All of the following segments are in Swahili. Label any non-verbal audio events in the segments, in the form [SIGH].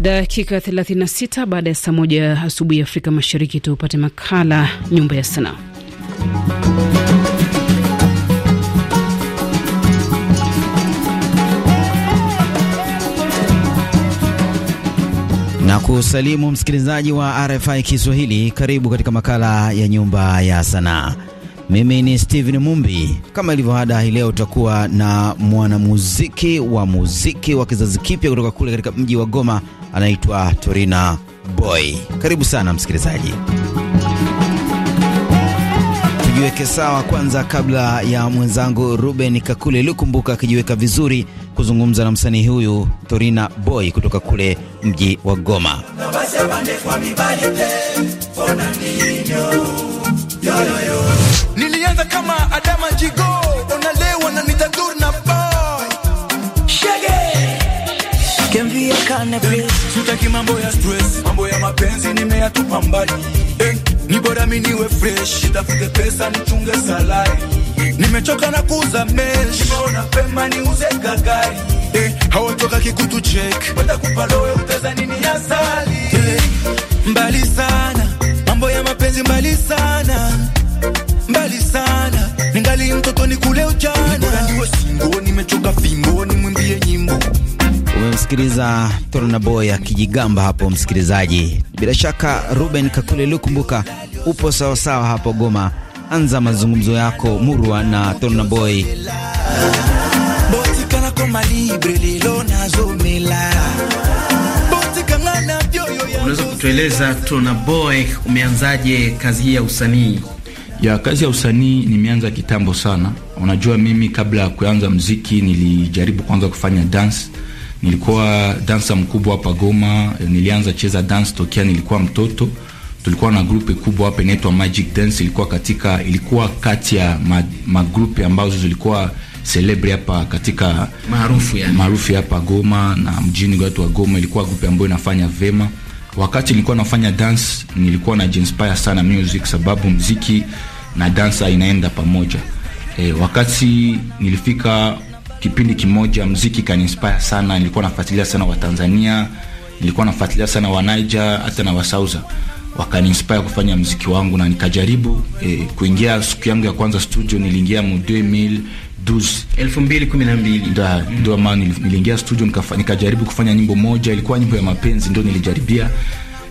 Dakika 36 baada ya saa moja asubuhi ya Afrika Mashariki, tupate makala nyumba ya sanaa. na kusalimu msikilizaji wa RFI Kiswahili. Karibu katika makala ya nyumba ya sanaa. Mimi ni Steven Mumbi. Kama ilivyo ada, hii leo utakuwa na mwanamuziki wa muziki wa kizazi kipya kutoka kule katika mji wa Goma, anaitwa Torina Boy. Karibu sana msikilizaji, tujiweke sawa kwanza kabla ya mwenzangu Ruben Kakule iliyokumbuka akijiweka vizuri kuzungumza na msanii huyu Torina Boy kutoka kule mji wa Goma. Nilianza kama Adama Jigo, onalewa na nitadur na boy shege sutaki mambo ya stress, mambo ya mapenzi nimeyatupa mbali eh, ni bora mimi niwe fresh, nitafute pesa nichunge salari, nimechoka na kuuza mesh, nimeona pema niuze gagari eh, hawatoka kikutu check, watakupa lowe uteza nini asali eh, mbali sana mambo ya mapenzi mbali sana, mbali sana, ningali mtoto ni kule ujana, singo nimechoka fimbo, ni mwimbie nyimbo. Umemsikiliza Torna Boy akijigamba hapo, msikilizaji. Bila shaka Ruben Kakule Lukumbuka, upo sawasawa sawa hapo Goma. Anza mazungumzo yako murwa na Torna Boy. kwa malibre lilo unaweza kutueleza Tuna Boy, umeanzaje kazi hii ya usanii? Ya kazi ya usanii nimeanza kitambo sana. Unajua, mimi kabla ya kuanza mziki nilijaribu kwanza kufanya dance. Nilikuwa dansa mkubwa hapa Goma, nilianza cheza dance tokea nilikuwa mtoto. Tulikuwa na grupe kubwa hapa inaitwa Magic Dance, ilikuwa katika ilikuwa kati ya magrupe ma ambazo zilikuwa celebre hapa katika maarufu yani, maarufu hapa Goma na mjini watu wa Goma, ilikuwa grupe ambayo inafanya vema Wakati nilikuwa nafanya dance nilikuwa najinspire sana music, sababu mziki na dansa inaenda pamoja. E, wakati nilifika kipindi kimoja mziki kaninspire sana, nilikuwa nafuatilia sana Watanzania, nilikuwa nafuatilia sana niger hata na Wasauza wakaniinspire kufanya mziki wangu na nikajaribu eh, kuingia. Siku yangu ya kwanza studio niliingia mu 2012 da mm. ndio maana niliingia studio nikafanya, nikajaribu kufanya nyimbo moja, ilikuwa nyimbo ya mapenzi ndio nilijaribia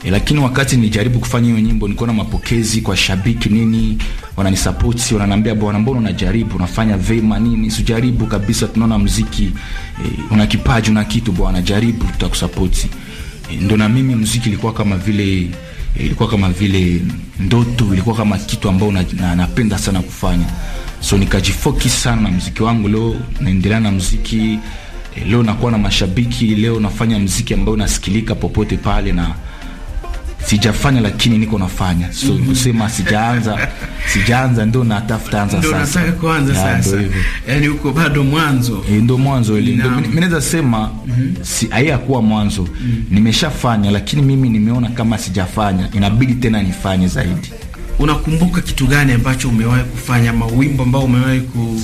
e, lakini wakati nilijaribu kufanya hiyo nyimbo nilikuwa mapokezi kwa shabiki nini, wananisupport wananiambia, bwana, mbona unajaribu unafanya vema nini, sijaribu kabisa, tunaona mziki e, una kipaji una kitu bwana, jaribu, tutakusupport E, eh, ndio na mimi mziki ilikuwa kama vile ilikuwa kama vile ndoto, ilikuwa kama kitu ambao napenda na, sana kufanya so nikajifocus sana na muziki wangu. Leo naendelea na muziki, eh, leo nakuwa na mashabiki, leo nafanya muziki ambao nasikilika popote pale na sijafanya lakini niko nafanya, so kusema sijaanza, sijaanza ndo natafuta anza sasa, ndo hivyo yani, uko bado mwanzo, eh, ndo mwanzo ile, ndo mimi naweza sema mhm. si kuwa mwanzo. Mhm. Nimeshafanya lakini mimi nimeona kama sijafanya, inabidi tena nifanye zaidi. Unakumbuka kitu gani ambacho umewahi kufanya, mawimbo ambao umewahi ku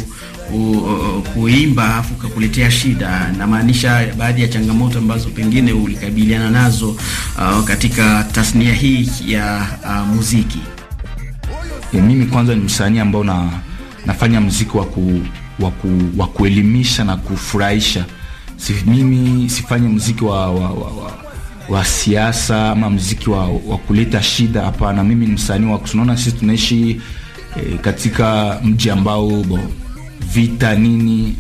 kuimba afu kakuletea shida? Namaanisha baadhi ya changamoto ambazo pengine ulikabiliana nazo uh, katika tasnia hii ya uh, muziki? E, mimi kwanza ni msanii ambao na, nafanya muziki wa ku, wa ku, wa kuelimisha na kufurahisha. Si, mimi sifanye muziki wa, wa, wa, wa wa siasa ama mziki wa, wa kuleta shida. Hapana, mimi ni msanii wa kusunaona. Sisi tunaishi e, katika mji ambao bo, vita nini,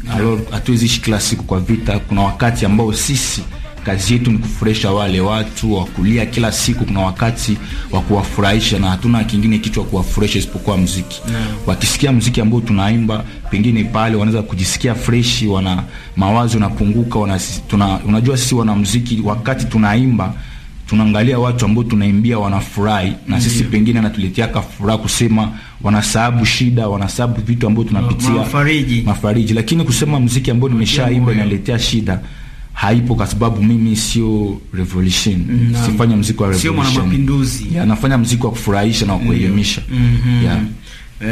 hatuwezi ishi kila siku kwa vita. Kuna wakati ambao sisi Kazi yetu ni kufurahisha wale watu wa kulia kila siku. Kuna wakati wa kuwafurahisha, na hatuna kingine kitu cha kuwafurahisha isipokuwa muziki yeah. Wakisikia muziki ambao tunaimba pengine pale, wanaweza kujisikia fresh, wana mawazo yanapunguka, wana tuna, unajua sisi wana muziki wakati tunaimba tunaangalia watu ambao tunaimbia wanafurahi na sisi yeah. Pengine anatuletea ka furaha kusema, wanasahabu shida, wanasahabu vitu ambao tunapitia mafariji, mafariji. Lakini kusema muziki ambao nimeshaimba inaletea shida haipo kwa sababu mimi sio revolution mm -hmm. Sifanya mziki wa revolution, sio mwana mapinduzi yeah, anafanya mziki wa kufurahisha na wa kuelimisha mm mm-hmm. -hmm. yeah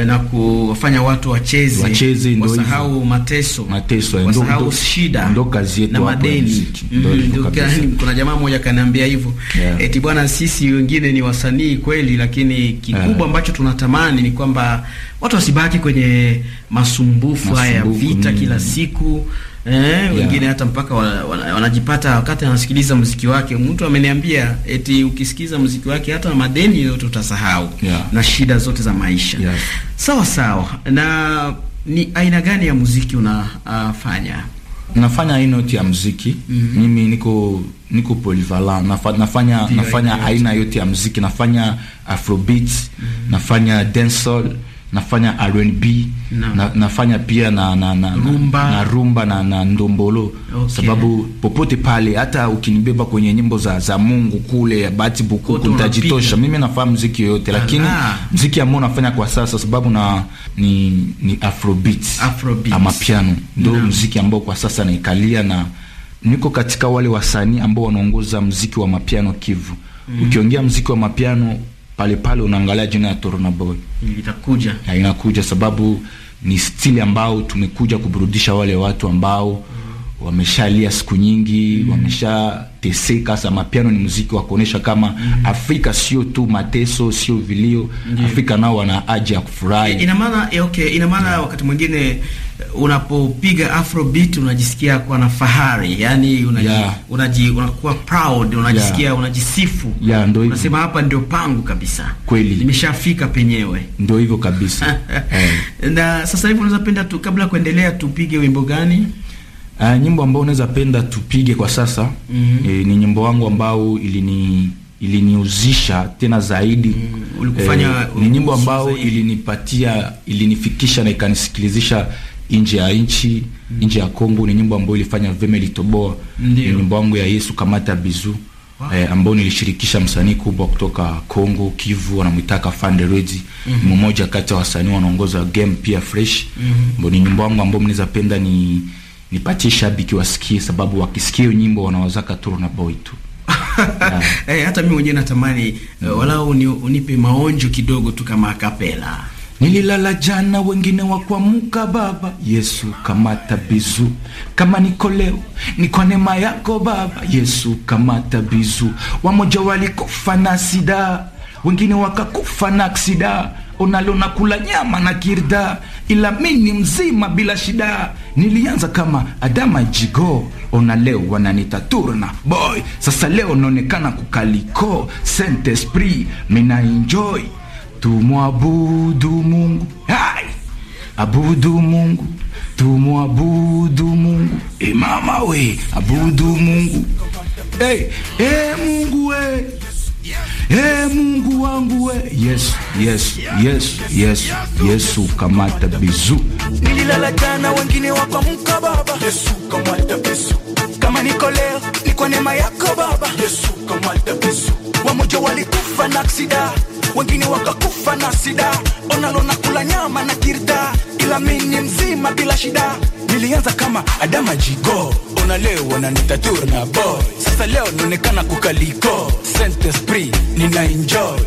na kufanya watu wacheze wacheze, ndio wasahau mateso mateso, ndio wasahau shida, ndio kazi yetu na madeni. Mm-hmm. Ndio kuna jamaa mmoja kaniambia hivyo yeah. Eti bwana, sisi wengine ni wasanii kweli, lakini kikubwa eh. ambacho yeah. tunatamani ni kwamba watu wasibaki kwenye masumbufu haya ya vita mm. kila siku Eh, wengine Hata mpaka wanajipata wana, wana wakati anasikiliza muziki wake, mtu ameniambia eti ukisikiza muziki wake hata madeni yote utasahau yeah. na shida zote za maisha yes. Sawa sawa. Na ni aina gani ya muziki unafanya? Uh, nafanya aina yote ya muziki mm -hmm. Mimi niko niko polyvalent Naf, nafanya Dio nafanya aina yote ya muziki, nafanya afrobeat mm -hmm. nafanya dancehall nafanya R&B na, nafanya pia na na, na, rumba. na rumba na, na ndombolo okay. Sababu popote pale hata ukinibeba kwenye nyimbo za, za Mungu kule Bahati Bukuku nitajitosha mimi, nafaa mziki yoyote, lakini mziki ambao nafanya kwa sasa sababu na ni, ni Afrobeat, Afrobeat. ama piano ndio mziki ambao kwa sasa naikalia na niko katika wale wasanii ambao wanaongoza mziki wa mapiano Kivu. Mm. Ukiongea mziki wa mapiano pale pale unaangalia jina ya Torna Boy inakuja sababu ni stili ambao tumekuja kuburudisha wale watu ambao mm wameshalia siku nyingi mm. wameshateseka. Sa mapiano ni muziki wa kuonesha kama mm. Afrika sio tu mateso, sio vilio yeah. Afrika nao wana haja ya kufurahi. Ina maana eh, okay, ina maana yeah. wakati mwingine eh, unapopiga afrobeat unajisikia kuwa na fahari, yani unaji, yeah. unaji unakuwa proud, unajisikia yeah. unajisifu yeah, ndio hivyo, unasema hapa ndio pangu kabisa, kweli nimeshafika penyewe, ndio hivyo kabisa. [LAUGHS] Eh. Na sasa hivi unaweza penda tu, kabla kuendelea, tupige wimbo gani? Uh, nyimbo ambayo unaweza penda tupige kwa sasa mm -hmm. E, ni nyimbo wangu ambao ilini iliniuzisha tena zaidi mm, ulikufanya, e, ni nyimbo ambao ilinipatia ilinifikisha na ikanisikilizisha nje ya nchi mm. nje ya Kongo. Ni nyimbo ambayo ilifanya vema, ilitoboa. Ni nyimbo yangu ya Yesu kamata bizu wow. E, ambao nilishirikisha msanii kubwa kutoka Kongo Kivu, wanamwitaka Fanderedi mhm. mm -hmm. mmoja kati ya wasanii wanaongoza game pia fresh mm -hmm. ni nyimbo yangu ambayo mnaweza penda ni nipatie shabiki wasikie, sababu wakisikia nyimbo wanawazaka na Boy tu. [LAUGHS] Eh, hata mimi mwenyewe natamani mm. walau unipe maonjo kidogo tu kama akapela. Nililala jana wengine wakuamka, Baba Yesu kamata bizu, kama niko leo ni kwa neema yako Baba Yesu kamata bizu. Wamoja walikufa na sida, wengine wakakufa na aksida unalona kula nyama na kirda, ila mini mzima bila shida. Nilianza kama Adama Jigo, ona leo wananita turna boy. Sasa leo naonekana kukaliko Saint Esprit, mina enjoy tumwabudu Mungu hai, abudu Mungu tumwabudu Mungu e mama we, abudu Mungu hey, hey, Mungu we Ee Mungu wangu we, yes, yes, yes, yes, Yesu kamata bizu. Nililala jana wengine wako mka baba. Yesu kamata bizu. Kama niko leo ni kwa neema yako baba. Yesu kamata bizu. Wamoja walikufa na aksida wengine wakakufa na sida, na kula nyama na kirda, ila mini mzima bila shida. Nilianza kama Adama Jigo, ona leo wananitatur na boy, sasa leo naonekana kukaliko, Saint Esprit nina enjoy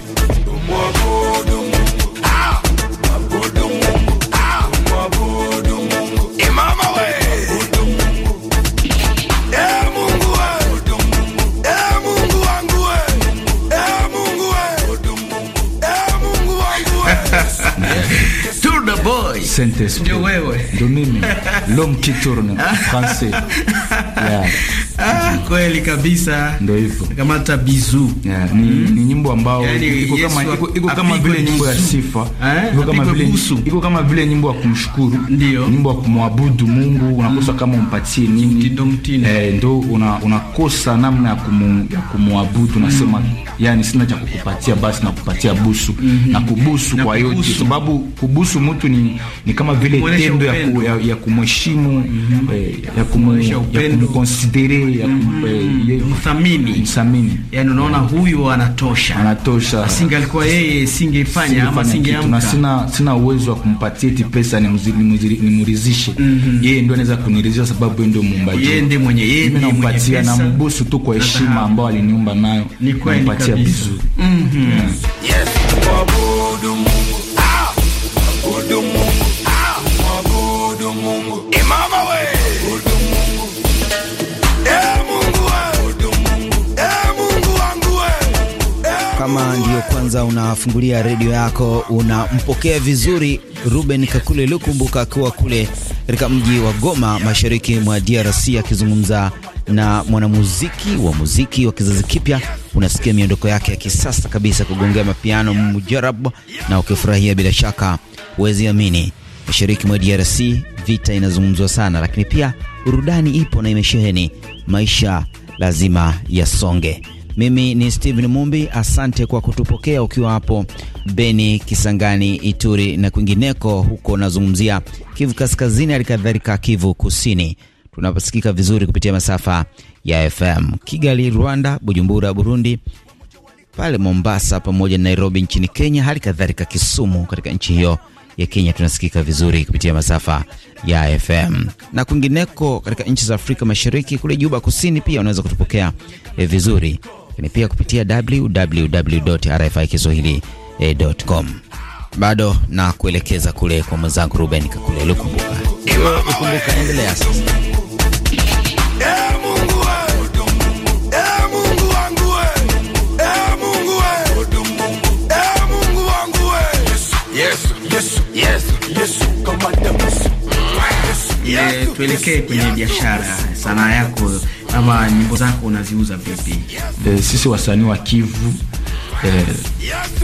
umwabudu Saint-Esprit. Ouais, ouais. de nous L'homme qui tourne. [LAUGHS] Français. [LAUGHS] Yeah. Ah, kweli kabisa. Ndio hivyo. Kamata bizu. Yeah, ni, mm. ni nyimbo ambayo iko kama iko, kama vile nyimbo ya sifa. Eh, iko kama vile iko kama vile nyimbo ya kumshukuru. Ndio. Nyimbo ya kumwabudu Mungu, unakosa mm. kama umpatie nini. Eh, ndio una unakosa namna ya kumu, ya kumwabudu nasema mm. yani sina cha kukupatia basi na kupatia busu mm -hmm. na kubusu na kwa hiyo sababu kubusu mtu ni, ni kama vile tendo ya, ku, ya, ya kumheshimu mm -hmm. ya kumkonsidere ajili ya kumthamini mthamini, yani unaona mm. huyu anatosha, anatosha. alikuwa yeye singefanya ama singeamka, na sina sina uwezo wa kumpatia eti pesa ni mzili mzili nimrizishe mm-hmm. yeye, ndio anaweza kuniridhisha sababu yeye ndio muumba wangu, yeye ndiye mwenye, yeye ndiye nampatia na mbusu tu kwa heshima ambayo aliniumba nayo, nimpatia vizuri. Mm-hmm. yes, Kama ndiyo kwanza unafungulia redio yako, unampokea vizuri Ruben Kakule Lukumbuka akiwa kule katika mji wa Goma, mashariki mwa DRC, akizungumza na mwanamuziki wa muziki wa kizazi kipya. Unasikia miondoko yake ya kisasa kabisa, kugongea mapiano mujarab, na ukifurahia bila shaka. Huwezi amini, mashariki mwa DRC vita inazungumzwa sana, lakini pia burudani ipo na imesheheni. Maisha lazima yasonge. Mimi ni Steven Mumbi, asante kwa kutupokea ukiwa hapo Beni, Kisangani, Ituri na kwingineko. Huko nazungumzia Kivu Kaskazini, halikadhalika Kivu Kusini. Tunaposikika vizuri kupitia masafa ya FM Kigali Rwanda, Bujumbura Burundi, pale Mombasa pamoja na Nairobi nchini Kenya, hali kadhalika Kisumu katika nchi hiyo ya Kenya tunasikika vizuri kupitia masafa ya FM na kwingineko katika nchi za Afrika Mashariki. Kule Juba Kusini pia unaweza kutupokea eh, vizuri lakini pia kupitia www.rfikiswahili.com. Bado na kuelekeza kule kwa mwenzangu Ruben Kakule Lukumbuka. Kumbuka, endelea sasa. Eh, tuelekee kwenye biashara, sanaa yako ama nyimbo zako unaziuza vipi? E, sisi wasanii wa Kivu e,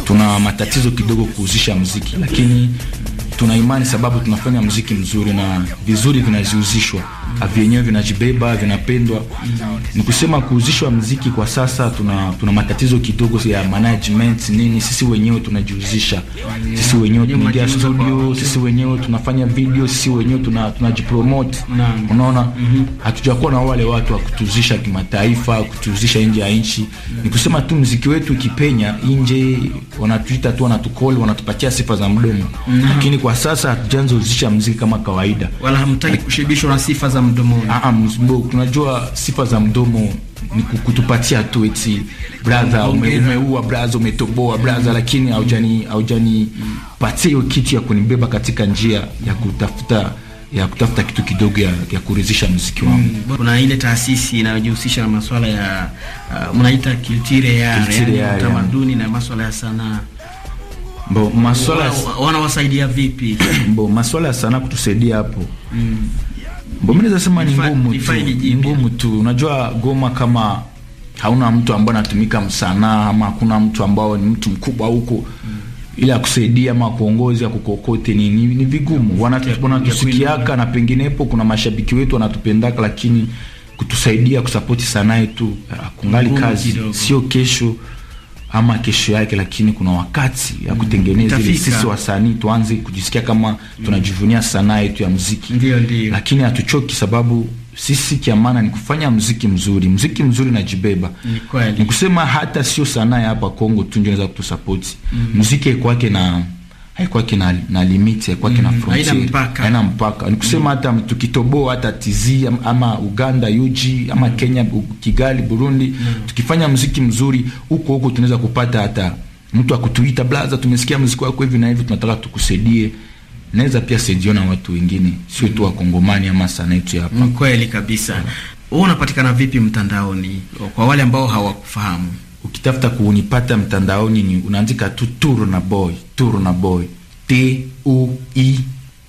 tuna matatizo kidogo kuuzisha mziki lakini tuna imani sababu tunafanya muziki mzuri na vizuri vinaziuzishwa vyenyewe vinajibeba vinapendwa. Ni kusema kuuzishwa mziki kwa sasa, tuna, tuna matatizo kidogo ya management nini. Sisi wenyewe tunajiuzisha sisi wenyewe, tunaingia studio sisi wenyewe, tunafanya video sisi wenyewe, tunajipromote tuna unaona, hatujakuwa na wale watu wa kutuuzisha kimataifa, kutuuzisha nje ya nchi. Ni kusema tu mziki wetu ikipenya nje, wanatuita tu, wanatukoli, wanatupatia sifa za mdomo, lakini kwa sasa hatujaanza uzisha mziki kama kawaida, wala hamtaki kushibishwa na sifa za hata mdomoni. Ah, tunajua ah, sifa za mdomo ni kutupatia tu eti bradha, umeua brother, umetoboa brother, mm. lakini haujani haujani patia hiyo kitu ya kunibeba katika njia ya kutafuta ya kutafuta kitu kidogo ya, ya kuridhisha muziki mm. wangu. Kuna ile taasisi inayojihusisha na masuala ya uh, mnaita kiltire ya utamaduni na masuala ya sanaa. Mbo masuala wanawasaidia vipi? Mbo masuala ya sanaa kutusaidia hapo. Mm. Mimi naweza sema ni ngumu tu, ngumu tu. Unajua Goma kama hauna mtu ambaye anatumika msanaa ama hakuna mtu ambao ni mtu mkubwa huko mm. Ila akusaidia ama kuongoza kukokote ni, ni, ni vigumu. Wanatusikiaka na penginepo kuna mashabiki wetu wanatupendaka, lakini kutusaidia kusapoti sanaa yetu kungali kazi, sio kesho ama kesho yake, lakini kuna wakati ya kutengeneza ili sisi wasanii tuanze kujisikia kama tunajivunia sanaa yetu ya muziki. Ndio, ndio. Lakini hatuchoki sababu sisi kia maana ni kufanya mziki mzuri, mziki mzuri najibeba, ni kusema hata sio sanaa ya hapa Kongo tu ndio inaweza kutusapoti mziki mm. kwake na haikuwa na, na limit, haikuwa kina mm, frontier, haina mpaka, Ni kusema hata mm, tukitoboa hata TZ ama Uganda Yuji ama mm, Kenya Kigali Burundi mm, tukifanya mziki mzuri huko huko tunaweza kupata hata mtu akutuita blaza, tumesikia mziki wako hivi na hivi, tunataka tukusaidie naweza pia saidiwa na watu wengine, sio tu wakongomani ama sana yetu ya hapa. Kweli kabisa. Wewe unapatikana vipi mtandaoni kwa wale ambao hawakufahamu? ukitafuta kunipata mtandaoni ni unaandika tu na Boy, na Boy, T U I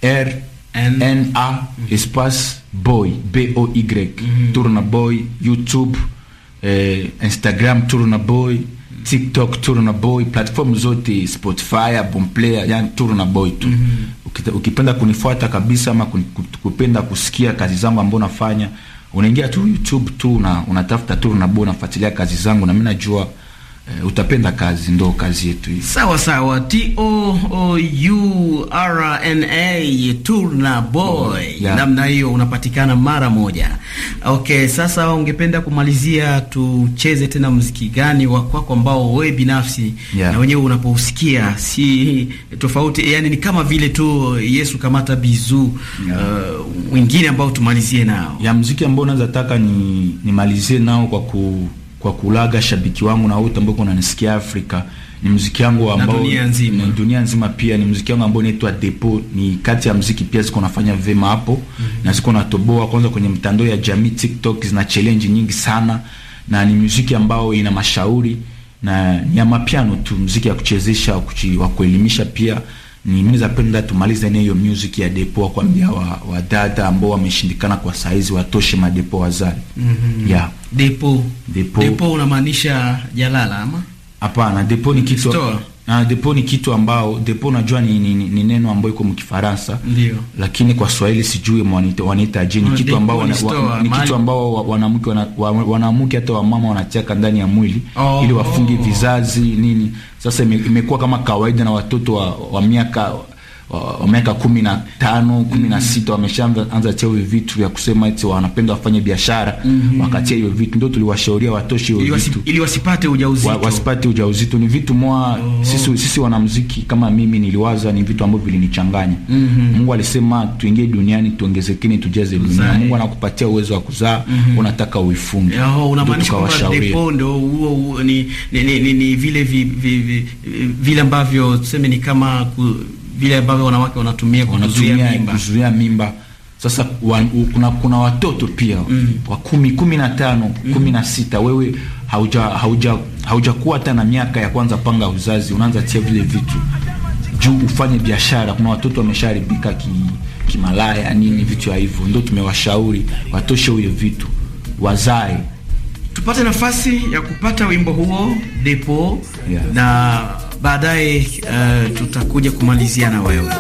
R N N A espace boy B O Y mm -hmm. na Boy YouTube, eh, Instagram na Boy TikTok na Boy, platform zote Spotify, Bonplayer, yani na Boy tu mm -hmm. Ukipenda kunifuata kabisa ama kupenda kusikia kazi zangu ambazo nafanya unaingia tu YouTube tu na unatafuta tu nabo, unafuatilia kazi zangu, na mimi najua Uh, utapenda kazi ndo kazi yetu hii. Sawa sawa, T O O U R N A Turna Boy, oh, yeah. Namna hiyo unapatikana mara moja. Okay, sasa ungependa kumalizia, tucheze tena mziki gani wa kwako ambao wewe binafsi yeah. na wenyewe unapousikia si tofauti, yani ni kama vile tu Yesu kamata bizu yeah. Uh, wengine ambao tumalizie nao ya mziki ambao unaweza taka ni nimalizie nao kwa ku kwa kulaga shabiki wangu na wote ambao unanisikia Afrika. Ni muziki wangu ambao dunia nzima, dunia nzima pia ni muziki wangu ambao unaitwa Depo. Ni kati ya muziki pia ziko nafanya vema hapo mm -hmm. na ziko natoboa kwanza kwenye mtandao ya jamii TikTok, zina challenge nyingi sana, na ni muziki ambao ina mashauri na ni ya mapiano tu, muziki ya kuchezesha wa kuelimisha pia mimi napenda tumalize na hiyo music ya depo kuambia wa, wa dada ambao wameshindikana kwa saizi watoshe madepo wazali. Mm -hmm. Yeah. Depo. Depo. Depo unamaanisha jalala ama? Hapana, depo ni kitu. Store na depo ni kitu ambao depo najua ni, ni, ni neno ambayo iko mkifaransa lakini kwa Swahili sijui wanaita je, ni kitu ambao wana, wana, ni kitu ambao wanamke wanamke hata wamama wanacheka ndani ya mwili oh, ili wafunge oh, vizazi nini. Sasa imekuwa kama kawaida na watoto wa, wa miaka wa miaka kumi na tano mm-hmm. kumi na sita wameshaanza tia hivyo vitu vya kusema eti wanapenda wafanye biashara mm -hmm. Wakatia hivyo vitu, ndio tuliwashauria watoshe hivyo vitu ili wasipate ujauzito wa, wasipate ujauzito ni vitu mwa oh. Sisi, sisi wanamuziki kama mimi niliwaza ni vitu ambavyo vilinichanganya mm -hmm. Mungu alisema tuingie duniani tuongezekeni tujaze dunia. Mungu anakupatia uwezo wa kuzaa mm -hmm. Unataka uifunge oh, unamaanisha kwa depondo huo ni, ni, ni, ni, ni vile vi, vi, vi, vile ambavyo tuseme ni kama ku, vile ambavyo wanawake wanatumia kuzuia mimba. mimba. Sasa wan, kuna, kuna watoto pia mm. wa kumi, kumi na tano, mm. kumi na sita. Wewe hauja hauja haujakuwa hata na miaka ya kwanza panga uzazi, unaanza tia vile vitu juu ufanye biashara. Kuna watoto wameshaharibika ki kimalaya nini vitu ya hivyo, ndio tumewashauri watoshe huyo vitu wazae. Tupate nafasi ya kupata wimbo huo depo, yeah. na baadaye uh, tutakuja kumalizia na wewe.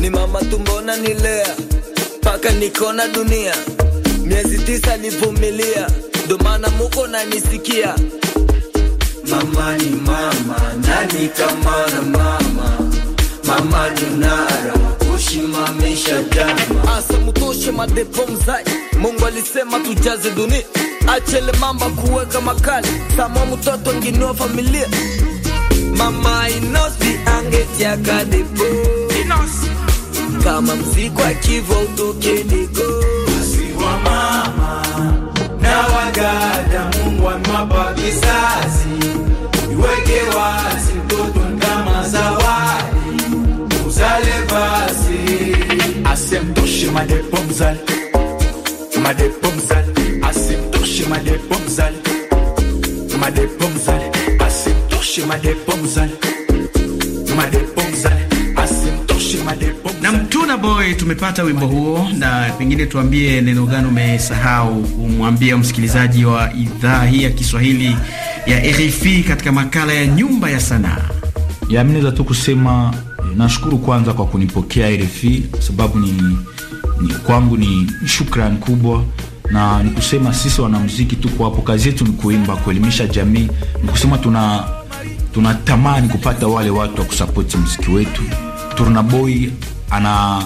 Ni mama tumbona nilea nikona dunia miezi tisa nivumilia, ndo maana muko nanisikia. Mama ni mama, nani kama na mama? Mama Dunara kushimamisha jama, mutoshe madepo mzai. Mungu alisema tujaze dunia, achele mamba kuweka makali, sama mutoto nginua familia. Mama Inosi angetiaka depo kama mzikwa akivo utukeniko mama na wadada, Mungu amewapa kizazi, iweke wazi mtoto kama zawadi, uzale basi asimtoshe madepo mzali madepo mzali asimtoshe madepo mzali madepo mzali asimtoshe madepo mzali madepo na Mtuna Boy tumepata wimbo huo, na pengine tuambie neno gani umesahau kumwambia msikilizaji wa idhaa hii ya Kiswahili ya RFI katika makala ya nyumba ya sanaa. Ya mimi tu kusema nashukuru kwanza kwa kunipokea RFI, sababu ni, ni kwangu ni shukrani kubwa na ni kusema sisi wanamuziki tuko hapo, kazi yetu ni kuimba, kuelimisha jamii. Ni kusema tuna tunatamani kupata wale watu wa kusapoti muziki wetu. Turna Boy ana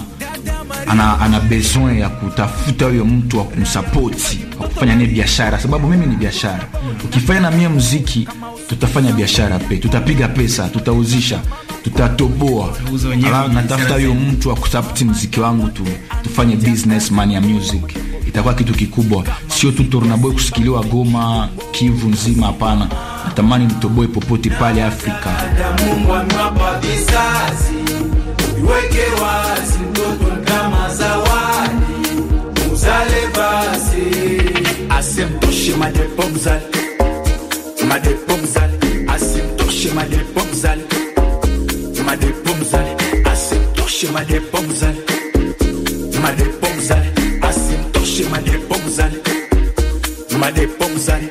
ana, ana besoin ya kutafuta huyo mtu wa kumsapoti wa kufanya naye biashara, sababu mimi ni biashara. Ukifanya na mie muziki, tutafanya biashara pe, tutapiga pesa, tutauzisha, tutatoboa. Alafu natafuta huyo mtu wa kusapoti muziki wangu tu, tufanye business man ya music, itakuwa kitu kikubwa, sio tu Tornaboy kusikiliwa Goma, Kivu nzima. Hapana, natamani mtoboe popote pale Afrika iweke wazi mtoto kama zawadi, uzale basi, asimtoshe madepo mzali, madepo mzali, asimtoshe madepo mzali, madepo mzali, asimtoshe madepo mzali, madepo mzali, asimtoshe madepo mzali, madepo mzali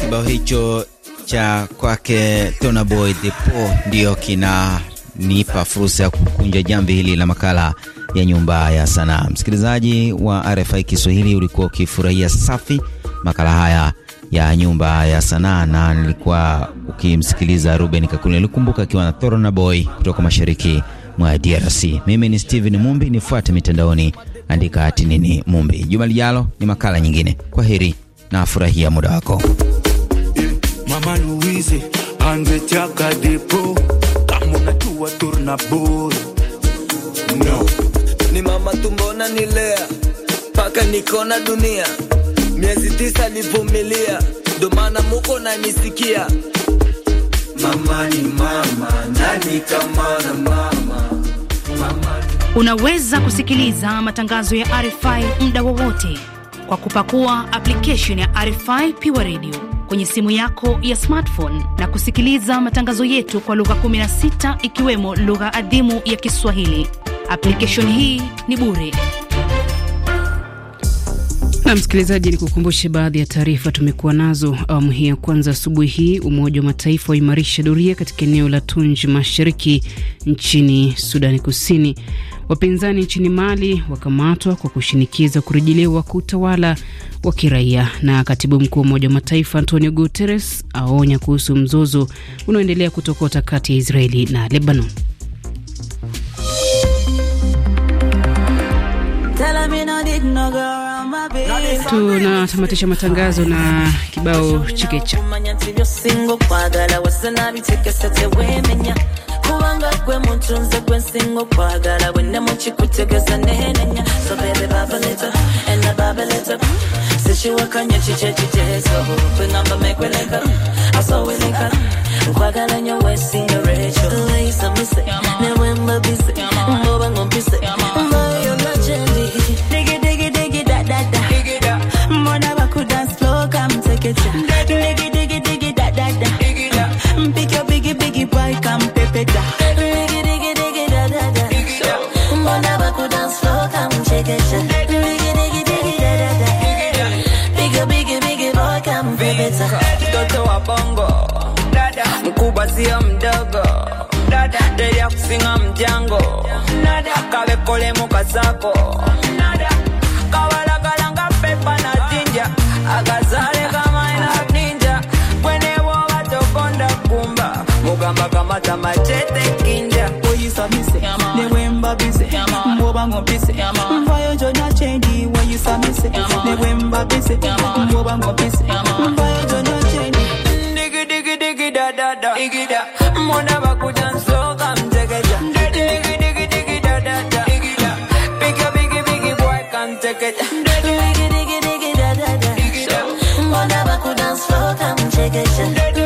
Kibao hicho cha kwake Tona Boy Depo ndio kina kunipa fursa ya kukunja jamvi hili la makala ya Nyumba ya Sanaa. Msikilizaji wa RFI Kiswahili, ulikuwa ukifurahia safi makala haya ya Nyumba ya Sanaa, na nilikuwa ukimsikiliza Ruben kakuli alikumbuka akiwa na Thorna Boy kutoka mashariki mwa DRC. Mimi ni Steven Mumbi, nifuate mitandaoni, andika hati nini Mumbi. Juma lijalo ni makala nyingine. Kwa heri na afurahia muda wako Mama Louise, kuwa turnaburi no. Ni mama tumbona nilea mpaka nikona dunia, miezi tisa nivumilia, ndo maana muko nanisikia. Mama ni mama, nani kama na mama, mama. Unaweza kusikiliza matangazo ya RFI muda wowote kwa kupakua application ya RFI Pure Radio kwenye simu yako ya smartphone na kusikiliza matangazo yetu kwa lugha 16 ikiwemo lugha adhimu ya Kiswahili. Application hii ni bure. Na msikilizaji, ni kukumbushe baadhi ya taarifa tumekuwa nazo awamu hii ya kwanza. Asubuhi hii, Umoja wa Mataifa waimarisha doria katika eneo la Tunj Mashariki nchini Sudani Kusini. Wapinzani nchini Mali wakamatwa kwa kushinikiza kurejelewa kwa utawala wa kiraia. Na katibu mkuu wa Umoja wa Mataifa Antonio Guterres aonya kuhusu mzozo unaoendelea kutokota kati ya Israeli na Lebanon. Tunatamatisha matangazo na kibao chikecha kubanga gwe muntunze gwe nsinga okwagala bwenna mukikutegeza neenenya so bebe babaleta ena babaleta sikiwakanya kiki ekiteeso bwengamba mekweleka asoweleka nkwagala nyo wesinga recho leyisa mise newembabise mboba ngompise mbayo nacendi digidigi digi dadada mbona bakudansloka mteketa mbona mtoto wa bongo dada mkubwa sio mdogo dada deli ya kusinga mjango dada kabekolemu kasako dada kawalakalanga pepa na jinja akazale kama ina ninja kwenewo batokonda kumba mugamba kamata machete kinja so busy. They went by busy. Mboba ngo busy. Mvayo jona chendi when you so busy. They went busy. Mboba ngo busy. Mvayo jona chendi. Digi digi digi da da da. Digi da. Mbona bakuja nsoka mtekeja. Digi digi digi da da da. Digi da. Biggie biggie biggie boy can't take it. Digi digi digi da da da. Digi da. Mbona bakuja nsoka mtekeja. Digi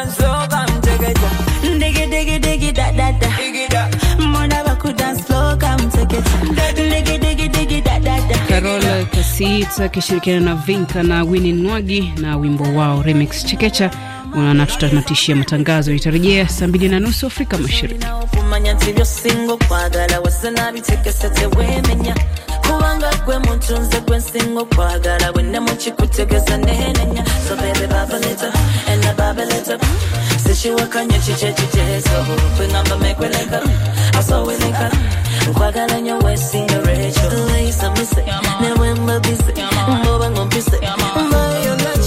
Carol akishirikiana na Vinka na Wini Nwagi na wimbo wao Remix Chekecha. Unaona, tutamatishia matangazo. Itarejea saa mbili na nusu Afrika Mashariki. kubanga gwe muntunze gwe nsinga okwagala bwe nemukiutegeza nenenya so baby babaleta ena babaleta sikiwakanya kiki ekiteeso kwengamba mekweleka asoweleka nkwagala nyo wesinga recho leyisa mise newemba bise mboba ngompise